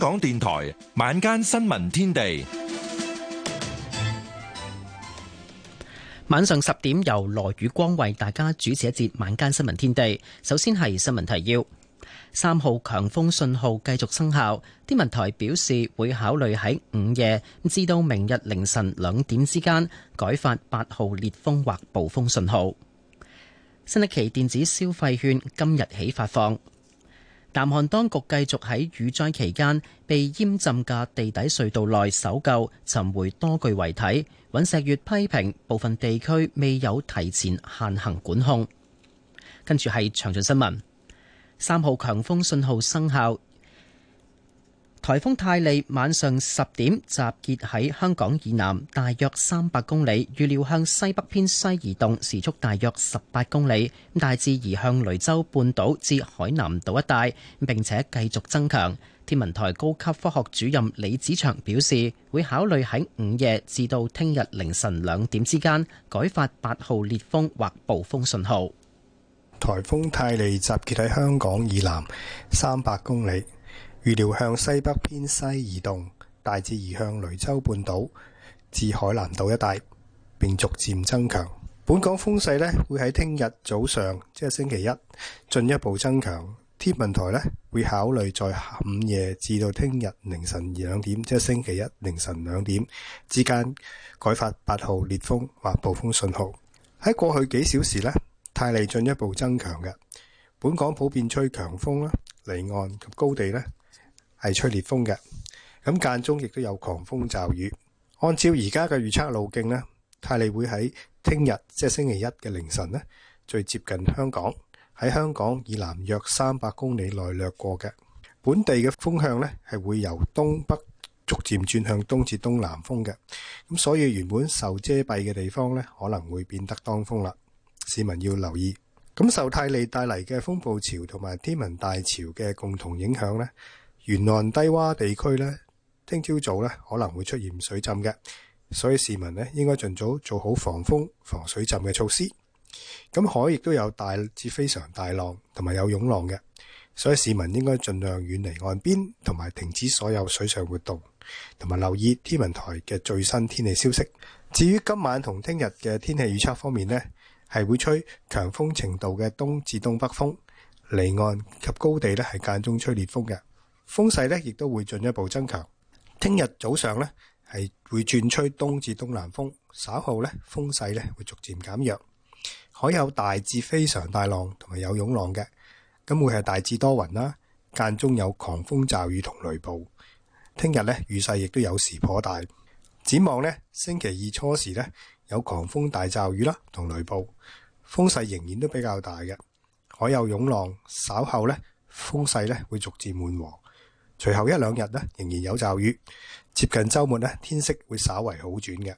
香港電台晚間新聞天地，晚上十點由羅宇光為大家主持一節晚間新聞天地。首先係新聞提要：三號強風信號繼續生效，天文台表示會考慮喺午夜至到明日凌晨兩點之間改發八號烈風或暴風信號。新一期電子消費券今日起發放。南韓當局繼續喺雨災期間被淹浸嘅地底隧道內搜救，尋回多具遺體。尹錫悅批評部分地區未有提前限行管控。跟住係詳盡新聞，三號強風信號生效。颱風泰利晚上十點集結喺香港以南大約三百公里，預料向西北偏西移動，時速大約十八公里，大致移向雷州半島至海南島一帶，並且繼續增強。天文台高級科學主任李子祥表示，會考慮喺午夜至到聽日凌晨兩點之間改發八號烈風或暴風信號。颱風泰利集結喺香港以南三百公里。預料向西北偏西移動，大致移向雷州半島至海南島一帶，並逐漸增強。本港風勢咧會喺聽日早上，即係星期一，進一步增強。天文台咧會考慮在下午夜至到聽日凌晨兩點，即係星期一凌晨兩點之間改發八號烈風或暴風信號。喺過去幾小時咧，泰利進一步增強嘅，本港普遍吹強風啦，離岸及高地咧。係吹烈風嘅，咁間中亦都有狂風驟雨。按照而家嘅預測路徑咧，泰利會喺聽日即係星期一嘅凌晨咧，最接近香港，喺香港以南約三百公里內掠過嘅。本地嘅風向咧係會由東北逐漸轉向東至東南風嘅，咁，所以原本受遮蔽嘅地方咧，可能會變得當風啦，市民要留意。咁受泰利帶嚟嘅風暴潮同埋天文大潮嘅共同影響咧，沿岸低窪地區咧，聽朝早咧可能會出現水浸嘅，所以市民咧應該盡早做好防風、防水浸嘅措施。咁、嗯、海亦都有大至非常大浪，同埋有湧浪嘅，所以市民應該盡量遠離岸邊，同埋停止所有水上活動，同埋留意天文台嘅最新天氣消息。至於今晚同聽日嘅天氣預測方面呢，係會吹強風程度嘅東至東北風，離岸及高地咧係間中吹烈風嘅。風勢咧，亦都會進一步增強。聽日早上咧係會轉吹東至東南風，稍後咧風勢咧會逐漸減弱。海有大至非常大浪，同埋有湧浪嘅。咁會係大致多雲啦，間中有狂風驟雨同雷暴。聽日咧雨勢亦都有時頗大。展望咧星期二初時咧有狂風大驟雨啦，同雷暴，風勢仍然都比較大嘅，海有湧浪。稍後咧風勢咧會逐漸緩和。隨後一兩日咧，仍然有驟雨。接近周末咧，天色會稍為好轉嘅。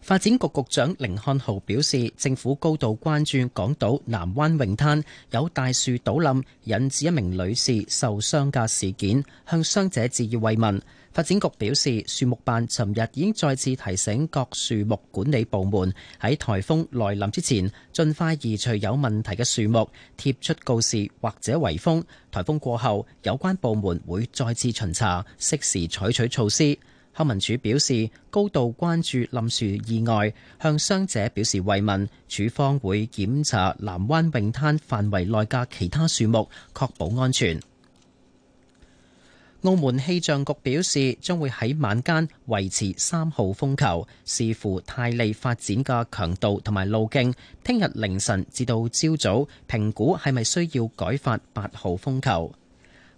發展局局長甯漢豪表示，政府高度關注港島南灣泳灘有大樹倒冧，引致一名女士受傷嘅事件，向傷者致以慰問。發展局表示，樹木辦尋日已經再次提醒各樹木管理部門喺台風來臨之前，盡快移除有問題嘅樹木，貼出告示或者圍封。台風過後，有關部門會再次巡查，適時採取措施。康文署表示，高度關注冧樹意外，向傷者表示慰問。署方會檢查南灣泳灘範圍內嘅其他樹木，確保安全。澳門氣象局表示，將會喺晚間維持三號風球，視乎泰利發展嘅強度同埋路徑。聽日凌晨至到朝早，評估係咪需要改發八號風球。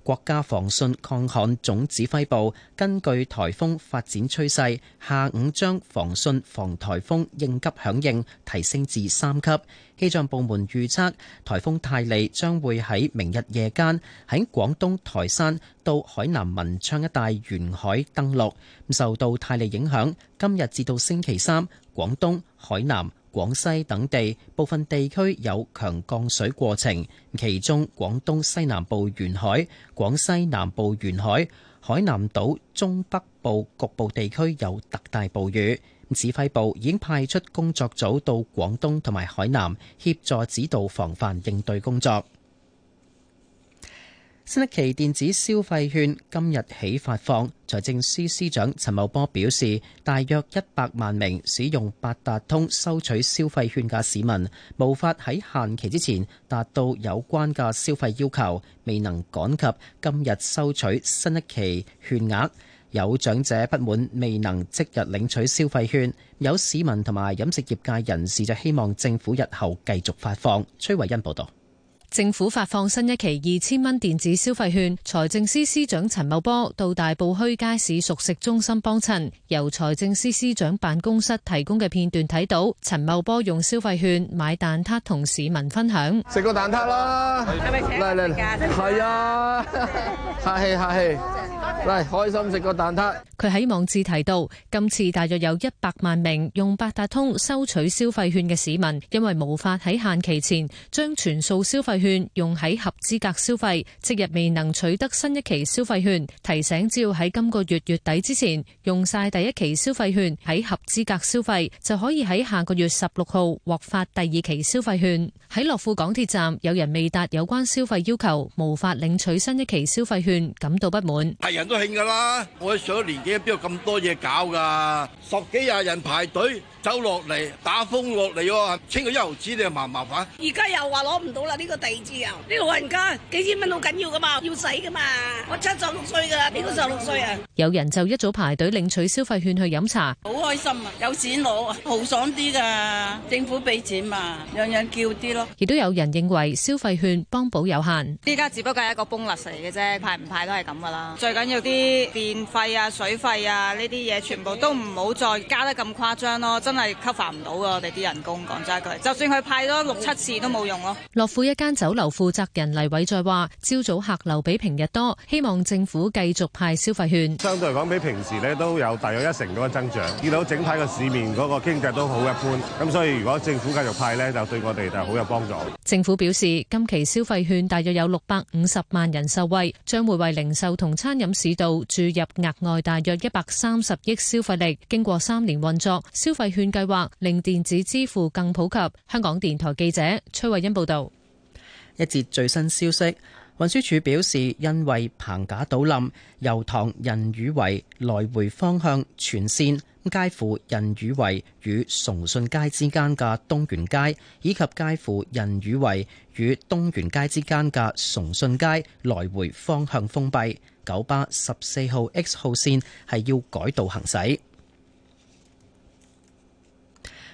國家防汛抗旱總指揮部根據颱風發展趨勢，下午將防汛防颱風應急響應提升至三級。氣象部門預測，颱風泰利將會喺明日夜間喺廣東台山到海南文昌一帶沿海登陸。受到泰利影響，今日至到星期三，廣東、海南、廣西等地部分地區有強降水過程，其中廣東西南部沿海、廣西南部沿海、海南島中北部局部地區有特大暴雨。指揮部已經派出工作組到廣東同埋海南協助指導防範應對工作。新一期電子消費券今日起發放，財政司司長陳茂波表示，大約一百萬名使用八達通收取消費券嘅市民，無法喺限期之前達到有關嘅消費要求，未能趕及今日收取新一期券額。有長者不滿未能即日領取消費券，有市民同埋飲食業界人士就希望政府日後繼續發放。崔慧欣報道。政府發放新一期二千蚊電子消費券，財政司司長陳茂波到大埔墟街市熟食中心幫襯。由財政司司長辦公室提供嘅片段睇到，陳茂波用消費券買蛋撻同市民分享。食個蛋撻啦，係咪？嚟嚟嚟，係啊，客氣客氣，嚟開心食個蛋撻。佢喺網誌提到，今次大約有一百萬名用八達通收取消費券嘅市民，因為無法喺限期前將全數消費。券用喺合資格消費，即日未能取得新一期消費券。提醒只要喺今個月月底之前用晒第一期消費券喺合資格消費，就可以喺下個月十六號獲發第二期消費券。喺樂富港鐵站，有人未達有關消費要求，無法領取新一期消費券，感到不滿。係人都興噶啦，我上咗年紀，邊有咁多嘢搞噶？十幾廿人排隊。走落嚟打風落嚟哦，清個一毫紙你又麻唔麻煩。而家又話攞唔到啦，呢、呢個地址啊！啲老人家幾千蚊好緊要噶嘛，要使噶嘛。我七十六歲噶啦，邊個十六歲啊？有人就一早排隊領取消費券去飲茶，好開心啊！有錢攞，豪爽啲㗎。政府俾錢嘛，樣樣叫啲咯。亦都有人認為消費券幫補有限，依家只不過係一個 bonus 嚟嘅啫，派唔派都係咁噶啦。最緊要啲電費啊、水費啊呢啲嘢，全部都唔好再加得咁誇張咯。真係吸發唔到啊！我哋啲人工講真一句，就算佢派多六七次都冇用咯。樂富一間酒樓負責人黎偉再話，朝早客流比平日多，希望政府繼續派消費券。相對嚟講，比平時呢都有大約一成嗰個增長。見到整體個市面嗰個經濟都好一般，咁所以如果政府繼續派呢，就對我哋就好有幫助。政府表示，今期消費券大約有六百五十萬人受惠，將會為零售同餐飲市道注入額外大約一百三十億消費力。經過三年運作，消費券，段計劃令電子支付更普及。香港電台記者崔慧欣報道。一節最新消息，運輸署表示，因為棚架倒冧，油塘仁宇圍來回方向全線，介乎仁宇圍與崇信街之間嘅東元街，以及介乎仁宇圍與東元街之間嘅崇信街來回方向封閉，九巴十四號 X 號線係要改道行駛。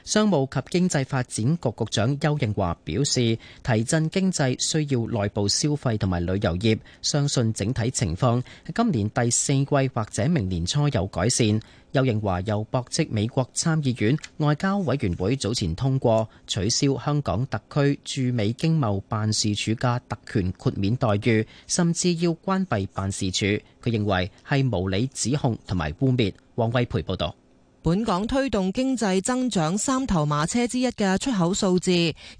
商務及經濟發展局局長邱應華表示，提振經濟需要內部消費同埋旅遊業，相信整體情況喺今年第四季或者明年初有改善。邱應華又駁斥美國參議院外交委員會早前通過取消香港特區駐美經貿辦事處嘅特權豁免待遇，甚至要關閉辦事處。佢認為係無理指控同埋污蔑。黃惠培報導。本港推動經濟增長三頭馬車之一嘅出口數字，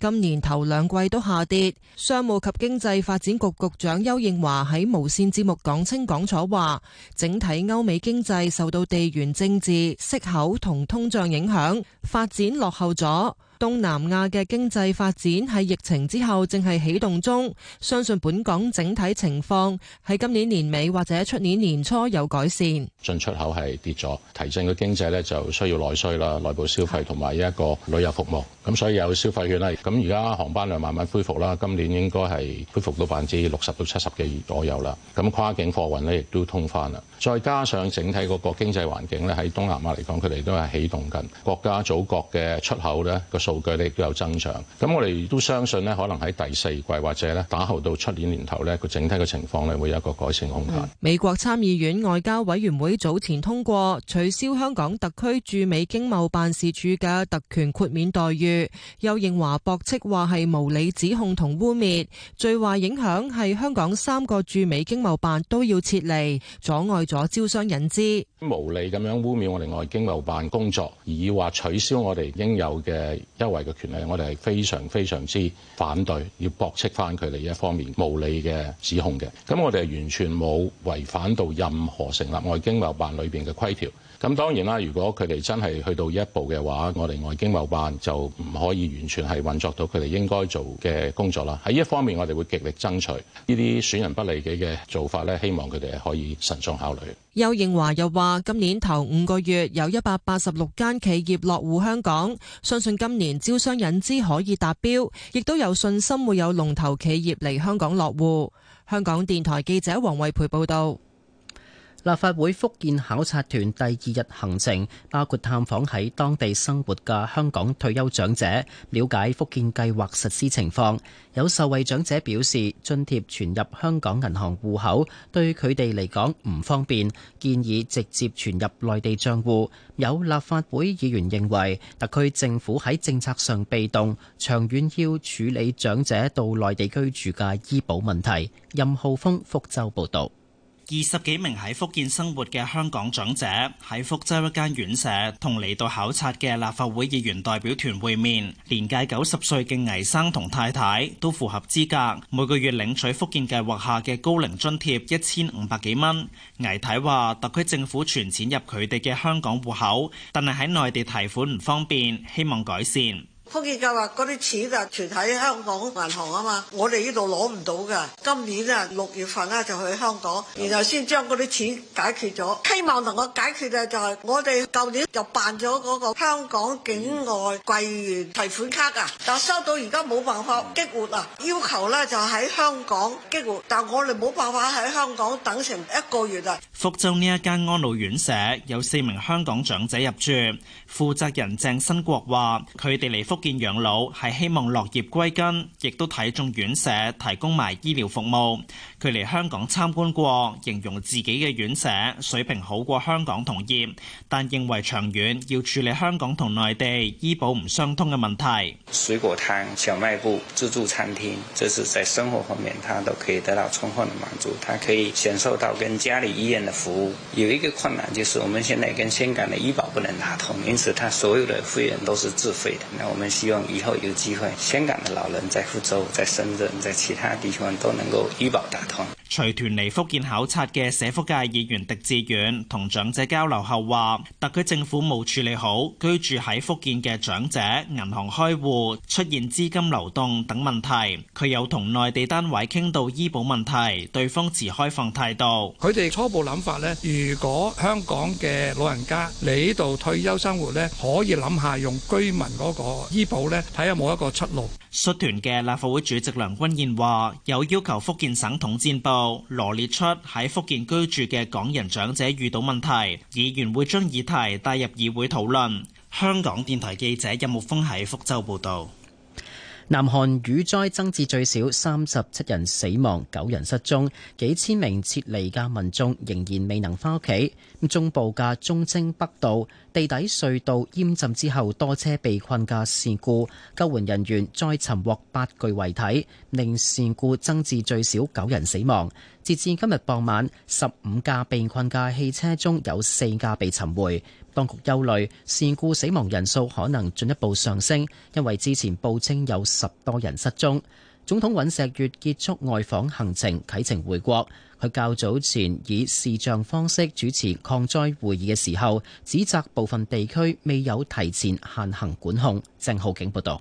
今年頭兩季都下跌。商務及經濟發展局局長丘應樺喺無線節目講清講楚話，整體歐美經濟受到地緣政治、息口同通脹影響，發展落後咗。東南亞嘅經濟發展喺疫情之後正係啟動中，相信本港整體情況喺今年年尾或者出年年初有改善。進出口係跌咗，提振個經濟呢，就需要內需啦，內部消費同埋一個旅遊服務。咁所以有消費券啦。咁而家航班量慢慢恢復啦，今年應該係恢復到百分之六十到七十嘅左右啦。咁跨境貨運呢，亦都通翻啦，再加上整體嗰個經濟環境呢，喺東南亞嚟講，佢哋都係啟動緊國家祖國嘅出口呢。數據呢都有增長，咁我哋都相信呢可能喺第四季或者呢打後到出年年頭呢，個整體嘅情況呢會有一個改善空間。嗯、美國參議院外交委員會早前通過取消香港特區駐美經貿辦事處嘅特權豁免待遇，又認為華駁斥話係無理指控同污蔑，最壞影響係香港三個駐美經貿辦都要撤離，阻礙咗招商引資。無理咁樣污蔑我哋外經貿辦工作，以話取消我哋應有嘅。優惠嘅權利，我哋係非常非常之反對，要駁斥翻佢哋一方面無理嘅指控嘅。咁我哋係完全冇違反到任何成立外經貿辦裏面嘅規條。咁當然啦，如果佢哋真係去到一步嘅話，我哋外經貿辦就唔可以完全係運作到佢哋應該做嘅工作啦。喺呢一方面，我哋會極力爭取呢啲損人不利己嘅做法咧，希望佢哋可以慎重考慮。邱應樺又話：今年頭五個月有一百八十六間企業落戶香港，相信今年招商引資可以達標，亦都有信心會有龍頭企業嚟香港落戶。香港電台記者黃惠培報道。立法會福建考察團第二日行程包括探訪喺當地生活嘅香港退休長者，了解福建計劃實施情況。有受惠長者表示，津貼存入香港銀行戶口對佢哋嚟講唔方便，建議直接存入內地賬戶。有立法會議員認為，特區政府喺政策上被動，長遠要處理長者到內地居住嘅醫保問題。任浩峰福州報導。二十幾名喺福建生活嘅香港長者喺福州一間院舍同嚟到考察嘅立法會議員代表團會面，年屆九十歲嘅魏生同太太都符合資格，每個月領取福建計劃下嘅高齡津貼一千五百幾蚊。魏太話：特區政府存錢入佢哋嘅香港戶口，但係喺內地提款唔方便，希望改善。福建嘅話啲錢就全喺香港銀行啊嘛，我哋呢度攞唔到嘅。今年啊，六月份咧就去香港，然後先將嗰啲錢解決咗。希望能夠解決嘅就係我哋舊年就辦咗嗰個香港境外櫃員提款卡啊，但收到而家冇辦法激活啊，要求咧就喺香港激活，但我哋冇辦法喺香港等成一個月啊。福州呢一間安老院舍有四名香港長者入住，負責人鄭新國話，佢哋嚟福。福建養老係希望落葉歸根，亦都睇中院舍提供埋醫療服務。佢嚟香港參觀過，形容自己嘅院舍水平好過香港同業，但認為長遠要處理香港同內地醫保唔相通嘅問題。水果攤、小賣部、自助餐廳，這是在生活方面，他都可以得到充分嘅滿足。他可以享受到跟家裏醫院嘅服務。有一個困難，就是我們現在跟香港嘅醫保不能打通，因此他所有的費用都是自費的。那我們，希望以後有機會，香港的老人在福州、在深圳、在其他地方都能夠醫保打通。隨團嚟福建考察嘅社福界議員狄志遠同長者交流後話，特區政府冇處理好居住喺福建嘅長者銀行開戶出現資金流動等問題。佢有同內地單位傾到醫保問題，對方持開放態度。佢哋初步諗法咧，如果香港嘅老人家嚟呢度退休生活，呢可以諗下用居民嗰個醫保，呢睇下冇一個出路。率團嘅立法會主席梁君彥話，有要求福建省統戰部。羅列出喺福建居住嘅港人長者遇到問題，議員會將議題帶入議會討論。香港電台記者任木峰喺福州報道。南韓雨災增至最少三十七人死亡，九人失蹤，幾千名撤離嘅民眾仍然未能翻屋企。中部嘅忠清北道，地底隧道淹浸之後，多車被困嘅事故，救援人員再尋獲八具遺體，令事故增至最少九人死亡。截至今日傍晚，十五架被困嘅汽車中有四架被尋回。當局憂慮，事故死亡人數可能進一步上升，因為之前報稱有十多人失蹤。總統尹錫悅結束外訪行程啟程回國。佢較早前以視像方式主持抗災會議嘅時候，指責部分地區未有提前限行管控。正浩景報道。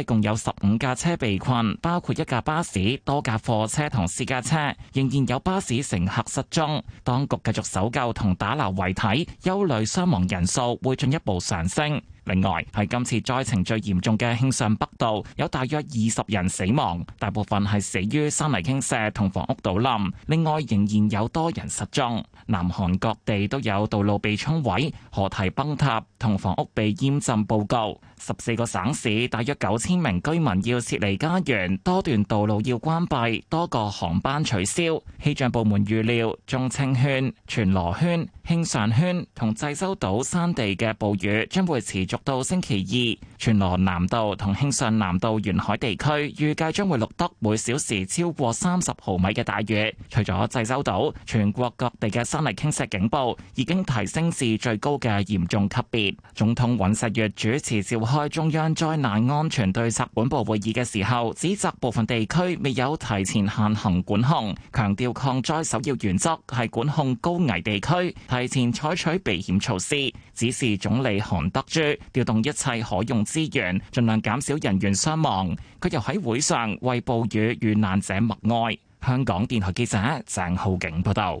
一共有十五架車被困，包括一架巴士，多架貨車同私家車，仍然有巴士乘客失蹤。當局繼續搜救同打撈遺體，憂慮傷亡人數會進一步上升。另外，喺今次災情最嚴重嘅慶尚北道，有大約二十人死亡，大部分係死於山泥傾瀉同房屋倒冧。另外，仍然有多人失蹤。南韓各地都有道路被沖毀、河堤崩塌。同房屋被淹浸報告，十四個省市大約九千名居民要撤離家園，多段道路要關閉，多個航班取消。氣象部門預料，忠清圈、全羅圈、慶尚圈同濟州島山地嘅暴雨將會持續到星期二。全羅南道同慶尚南道沿海地區預計將會錄得每小時超過三十毫米嘅大雨。除咗濟州島，全國各地嘅山泥傾瀉警報已經提升至最高嘅嚴重級別。總統尹錫悅主持召開中央災難安全對策本部會議嘅時候，指責部分地區未有提前限行管控，強調抗災首要原則係管控高危地區，提前採取避險措施。指示總理韓德洙調動一切可用資源，盡量減少人員傷亡。佢又喺會上為暴雨遇難者默哀。香港電台記者鄭浩景報道。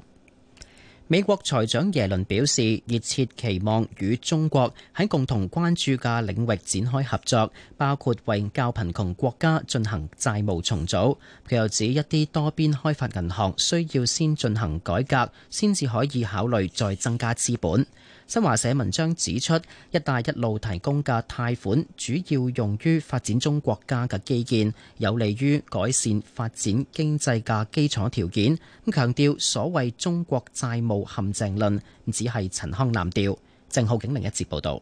美國財長耶倫表示熱切期望與中國喺共同關注嘅領域展開合作，包括為較貧窮國家進行債務重組。佢又指，一啲多邊開發銀行需要先進行改革，先至可以考慮再增加資本。新華社文章指出，「一帶一路」提供嘅貸款主要用於發展中國家嘅基建，有利於改善發展經濟嘅基礎條件。咁強調所謂中國債務陷阱論，只係陳腔濫調，鄭浩景另一節報道。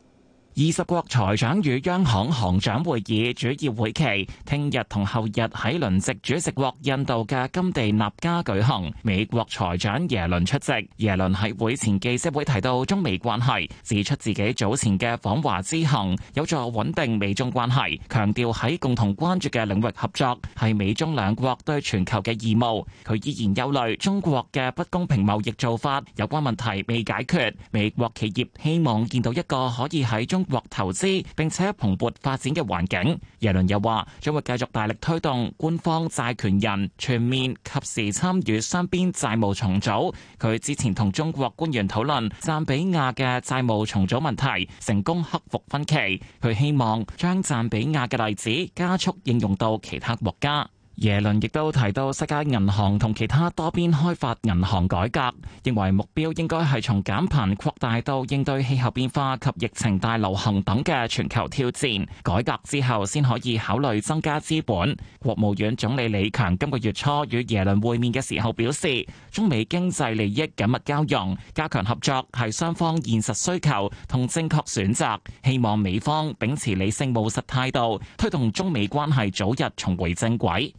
二十國財長與央行行長會議主要會期聽日同後日喺輪值主席國印度嘅甘地納加舉行，美國財長耶倫出席。耶倫喺會前記者會提到中美關係，指出自己早前嘅訪華之行有助穩定美中關係，強調喺共同關注嘅領域合作係美中兩國對全球嘅義務。佢依然憂慮中國嘅不公平貿易做法，有關問題未解決。美國企業希望見到一個可以喺中獲投資並且蓬勃發展嘅環境，耶倫又話將會繼續大力推動官方債權人全面及時參與雙邊債務重組。佢之前同中國官員討論贊比亞嘅債務重組問題，成功克服分歧。佢希望將贊比亞嘅例子加速應用到其他國家。耶倫亦都提到世界銀行同其他多邊開發銀行改革，認為目標應該係從減貧擴大到應對氣候變化及疫情大流行等嘅全球挑戰。改革之後先可以考慮增加資本。國務院總理李強今個月初與耶倫會面嘅時候表示，中美經濟利益緊密交融，加強合作係雙方現實需求同正確選擇。希望美方秉持理性務實態度，推動中美關係早日重回正軌。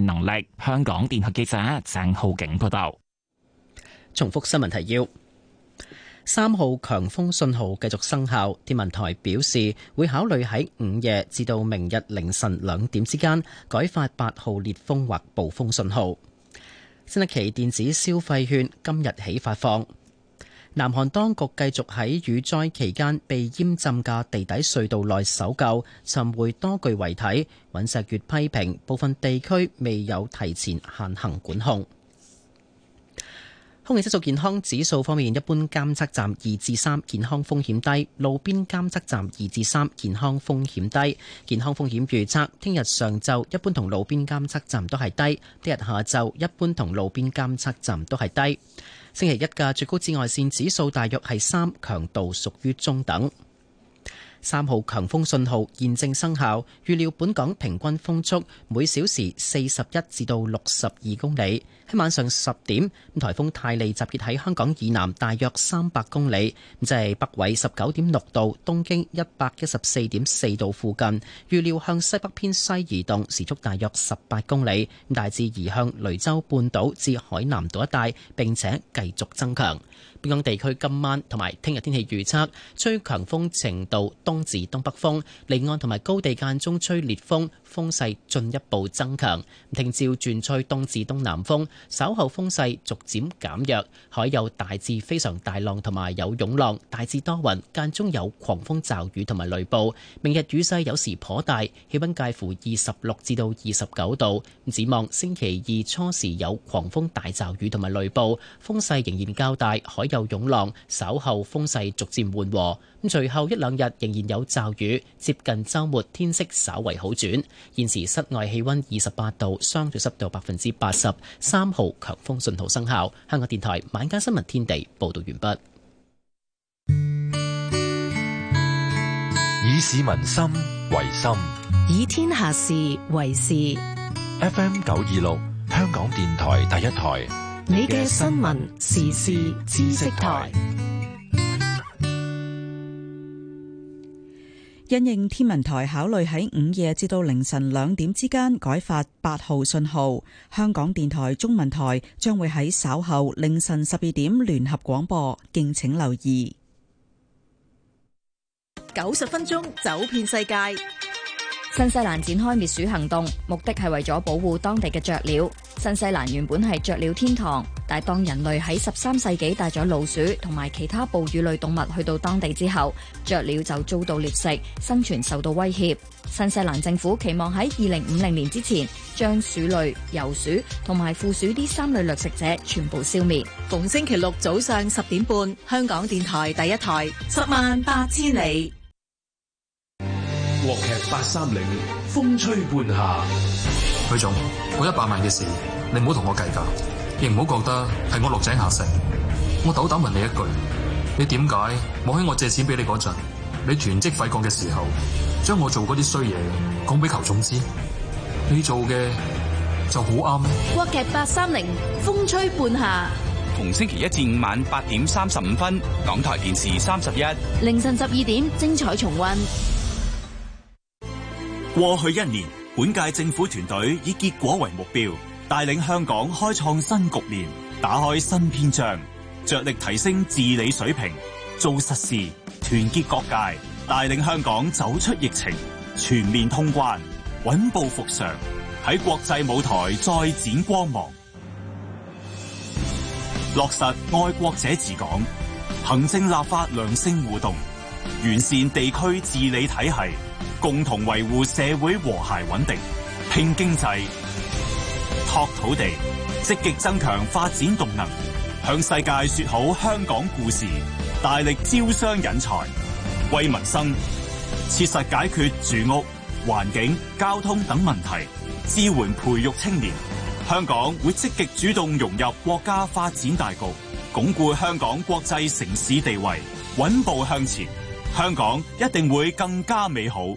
能力，香港電台記者鄭浩景報道。重複新聞提要：三號強風信號繼續生效，天文台表示會考慮喺午夜至到明日凌晨兩點之間改發八號烈風或暴風信號。新一期電子消費券今日起發放。南韓當局繼續喺雨災期間被淹浸嘅地底隧道內搜救，尋回多具遺體。尹錫悅批評部分地區未有提前限行管控。空氣質素健康指數方面，一般監測站二至三，健康風險低；路邊監測站二至三，健康風險低。健康風險預測：聽日上晝一般同路邊監測站都係低，聽日下晝一般同路邊監測站都係低。星期一嘅最高紫外線指數大約係三，強度屬於中等。三號強風信號現正生效，預料本港平均風速每小時四十一至到六十二公里。喺晚上十點，颱風泰利集結喺香港以南大約三百公里，咁即係北緯十九點六度、東經一百一十四點四度附近。預料向西北偏西移動，時速大約十八公里，大致移向雷州半島至海南島一帶，並且繼續增強。本港地區今晚同埋聽日天氣預測，吹強風程度東至東北風，離岸同埋高地間中吹烈風，風勢進一步增強，聽朝轉吹東至東南風，稍後風勢逐漸減弱。海有大至非常大浪同埋有湧浪，大致多雲，間中有狂風驟雨同埋雷暴。明日雨勢有時頗大，氣溫介乎二十六至到二十九度。展望星期二初時有狂風大驟雨同埋雷暴，風勢仍然較大，海又湧浪，稍後風勢逐漸緩和。咁隨後一兩日仍然有驟雨，接近周末天色稍為好轉。現時室外氣溫二十八度，相對濕度百分之八十。三號強風信號生效。香港電台晚間新聞天地報道完畢。以市民心為心，以天下事為事。FM 九二六，香港電台第一台。你嘅新聞時事知識台，因應天文台考慮喺午夜至到凌晨兩點之間改發八號信號，香港電台中文台將會喺稍後凌晨十二點聯合廣播，敬請留意。九十分鐘，走遍世界。新西蘭展開滅鼠行動，目的係為咗保護當地嘅雀鳥。新西蘭原本係雀鳥天堂，但係當人類喺十三世紀帶咗老鼠同埋其他哺乳類動物去到當地之後，雀鳥就遭到獵食，生存受到威脅。新西蘭政府期望喺二零五零年之前，將鼠類、游鼠同埋負鼠呢三類掠食者全部消滅。逢星期六早上十點半，香港電台第一台，十萬八千里。國劇八三零，風吹半夏。許總，我一百萬嘅事，你唔好同我計較，亦唔好覺得係我落井下石。我斗膽問你一句，你點解冇喺我借錢俾你嗰陣，你囤積廢鋼嘅時候，將我做嗰啲衰嘢講俾裘總知？你做嘅就好啱咩？國劇八三零，風吹半夏，同星期一至五晚八點三十五分，港台電視三十一，凌晨十二點精彩重温。過去一年，本屆政府團隊以結果為目標，帶領香港開創新局面、打開新篇章，着力提升治理水平，做實事，團結各界，帶領香港走出疫情，全面通關，穩步復常，喺國際舞台再展光芒。落實愛國者治港，行政立法良性互動，完善地區治理體系。共同維護社會和諧穩定，拼經濟、拓土地，積極增強發展動能，向世界說好香港故事，大力招商引才，惠民生，切實解決住屋、環境、交通等問題，支援培育青年。香港會積極主動融入國家發展大局，鞏固香港國際城市地位，穩步向前。香港一定會更加美好。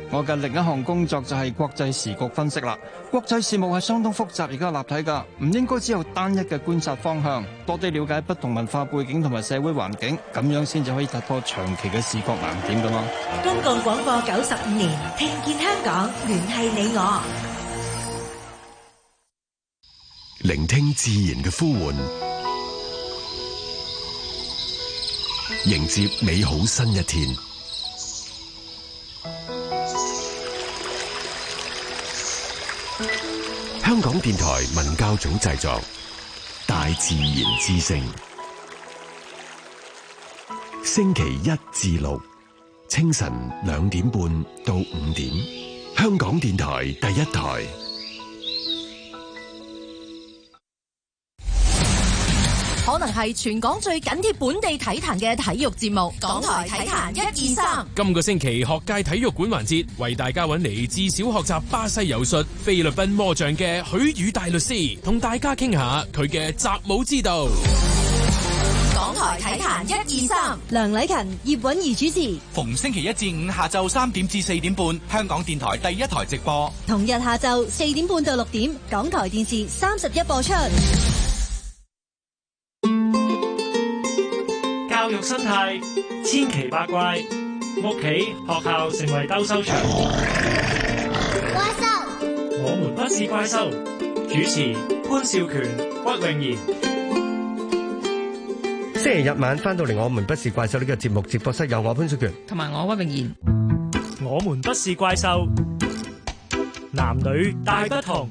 我嘅另一項工作就係國際時局分析啦。國際事務係相當複雜，而家立體噶，唔應該只有單一嘅觀察方向。多啲了解不同文化背景同埋社會環境，咁樣先至可以突破長期嘅視覺盲點噶嘛。公共廣播九十五年，聽見香港，聯繫你我。聆聽自然嘅呼喚，迎接美好新一天。香港電台文教組製作《大自然之聲》，星期一至六清晨兩點半到五點，香港電台第一台。可能係全港最緊貼本地體壇嘅體育節目《港台體壇一、二、三》。今個星期學界體育館環節，為大家揾嚟，至少學習巴西柔術、菲律賓魔杖嘅許宇大律師，同大家傾下佢嘅習武之道。港台體壇一、二、三，梁禮勤、葉允儀主持。逢星期一至五下晝三點至四點半，香港電台第一台直播；同日下晝四點半到六點，港台電視三十一播出。生態千奇百怪，屋企學校成為鬥獸場。怪獸，我們不是怪獸。主持潘少權、屈穎妍。星期日晚翻到嚟，我們不是怪獸呢個節目，直播室有我潘少權，同埋我屈穎妍。我們不是怪獸，男女大不同。